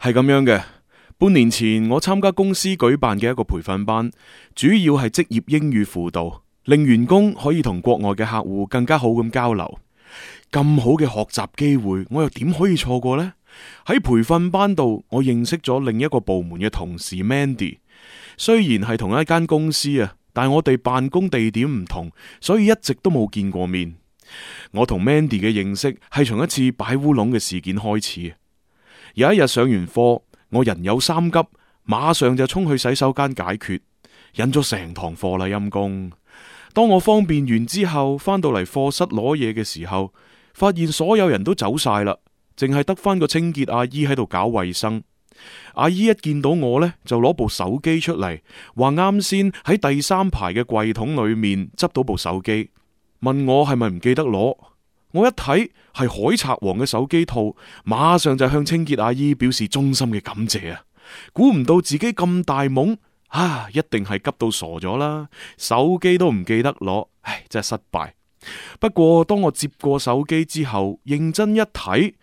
係咁樣嘅，半年前我參加公司舉辦嘅一個培訓班，主要係職業英語輔導，令員工可以同國外嘅客戶更加好咁交流。咁好嘅學習機會，我又點可以錯過呢？喺培訓班度，我認識咗另一個部門嘅同事 Mandy。雖然係同一間公司啊，但我哋辦公地點唔同，所以一直都冇見過面。我同 Mandy 嘅認識係從一次擺烏龍嘅事件開始。有一日上完課，我人有三急，馬上就衝去洗手間解決，忍咗成堂課啦陰功。當我方便完之後，翻到嚟課室攞嘢嘅時候，發現所有人都走晒，啦，淨係得翻個清潔阿姨喺度搞衛生。阿姨一見到我呢，就攞部手機出嚟，話啱先喺第三排嘅櫃桶裏面執到部手機，問我係咪唔記得攞。我一睇係海賊王嘅手機套，馬上就向清潔阿姨表示衷心嘅感謝啊！估唔到自己咁大懵，啊，一定係急到傻咗啦，手機都唔記得攞，唉，真係失敗。不過當我接過手機之後，認真一睇，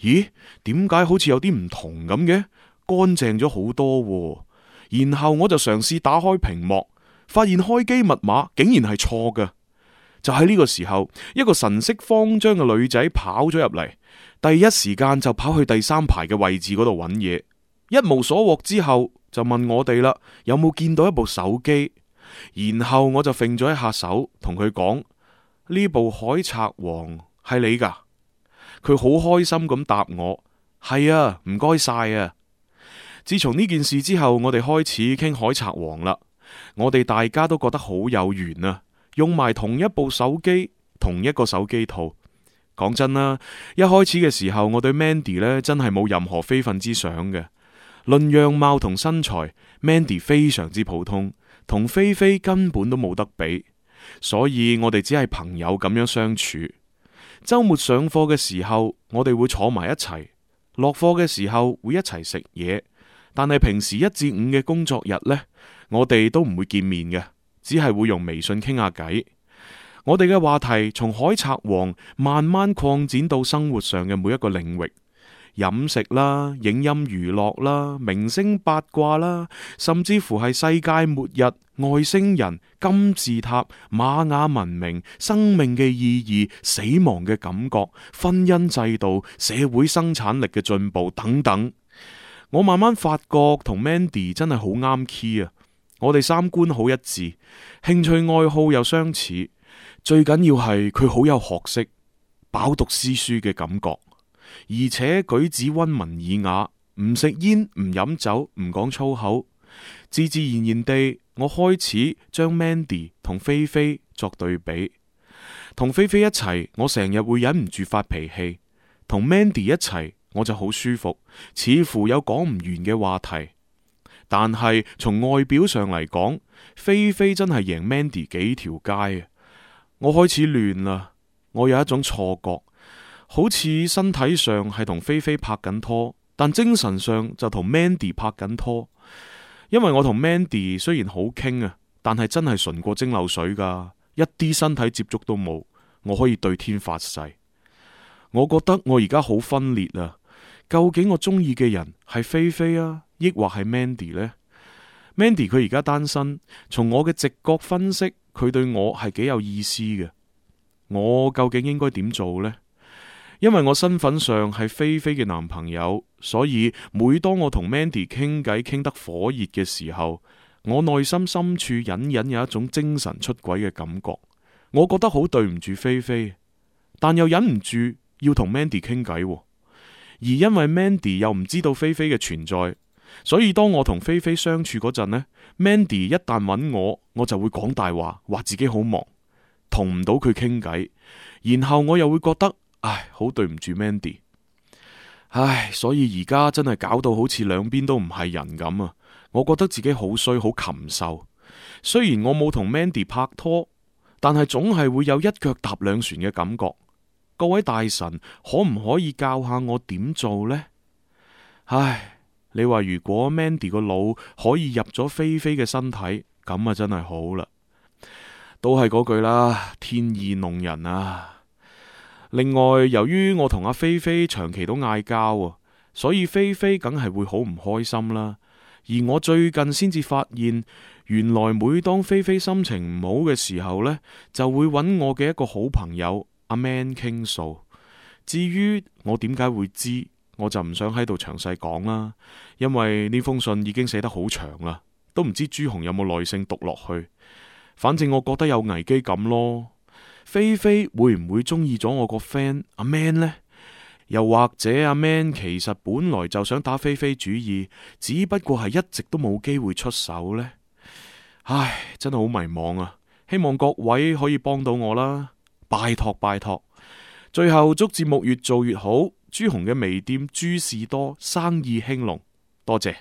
咦，點解好似有啲唔同咁嘅？乾淨咗好多喎，啊，然後我就嘗試打開屏幕，發現開機密碼竟然係錯㗎。就喺呢個時候，一個神色慌張嘅女仔跑咗入嚟，第一時間就跑去第三排嘅位置嗰度揾嘢，一無所獲之後就問我哋啦，有冇見到一部手機？然後我就揈咗一下手，同佢講：呢部海賊王係你噶。佢好開心咁答我：係啊，唔該晒啊。自從呢件事之後，我哋開始傾海賊王啦，我哋大家都覺得好有緣啊。用埋同一部手機，同一個手機套。講真啦，一開始嘅時候，我對 Mandy 呢真係冇任何非分之想嘅。論樣貌同身材，Mandy 非常之普通，同菲菲根本都冇得比。所以我哋只係朋友咁樣相處。周末上課嘅時候，我哋會坐埋一齊；落課嘅時候會一齊食嘢。但係平時一至五嘅工作日呢，我哋都唔會見面嘅。只係會用微信傾下偈。我哋嘅話題從海賊王慢慢擴展到生活上嘅每一個領域，飲食啦、影音娛樂啦、明星八卦啦，甚至乎係世界末日、外星人、金字塔、瑪雅文明、生命嘅意義、死亡嘅感覺、婚姻制度、社會生產力嘅進步等等。我慢慢發覺同 Mandy 真係好啱 key 啊！我哋三觀好一致，興趣愛好又相似，最緊要係佢好有學識，飽讀詩書嘅感覺，而且舉止溫文爾雅，唔食煙，唔飲酒，唔講粗口，自自然然地，我開始將 Mandy 同菲菲作對比。同菲菲一齊，我成日會忍唔住發脾氣；同 Mandy 一齊，我就好舒服，似乎有講唔完嘅話題。但係從外表上嚟講，菲菲真係贏 Mandy 幾條街啊！我開始亂啦，我有一種錯覺，好似身體上係同菲菲拍緊拖，但精神上就同 Mandy 拍緊拖。因為我同 Mandy 雖然好傾啊，但係真係純過蒸餾水噶，一啲身體接觸都冇。我可以對天發誓，我覺得我而家好分裂啊！究竟我中意嘅人係菲菲啊，抑或係 Mandy 呢？Mandy 佢而家單身，從我嘅直覺分析，佢對我係幾有意思嘅。我究竟應該點做呢？因為我身份上係菲菲嘅男朋友，所以每當我同 Mandy 傾偈傾得火熱嘅時候，我內心深處隱隱有一種精神出軌嘅感覺。我覺得好對唔住菲菲，但又忍唔住要同 Mandy 傾偈，啊。而因為 Mandy 又唔知道菲菲嘅存在，所以當我同菲菲相處嗰陣呢，Mandy 一旦搵我，我就會講大話，話自己好忙，同唔到佢傾偈。然後我又會覺得，唉，好對唔住 Mandy，唉，所以而家真係搞到好似兩邊都唔係人咁啊！我覺得自己好衰，好禽獸。雖然我冇同 Mandy 拍拖，但係總係會有一腳踏兩船嘅感覺。各位大神，可唔可以教下我點做呢？唉，你話如果 Mandy 個腦可以入咗菲菲嘅身體，咁啊真係好啦。都係嗰句啦，天意弄人啊！另外，由於我同阿菲菲長期都嗌交啊，所以菲菲梗係會好唔開心啦。而我最近先至發現，原來每當菲菲心情唔好嘅時候呢，就會揾我嘅一個好朋友。阿 man 傾訴，至於我點解會知，我就唔想喺度詳細講啦，因為呢封信已經寫得好長啦，都唔知朱紅有冇耐性讀落去。反正我覺得有危機感咯。菲菲會唔會中意咗我個 friend 阿 man 呢？又或者阿 man 其實本來就想打菲菲主意，只不過係一直都冇機會出手呢？唉，真係好迷茫啊！希望各位可以幫到我啦。拜託，拜託！最後，祝節目越做越好，朱紅嘅微店朱士多生意興隆，多謝。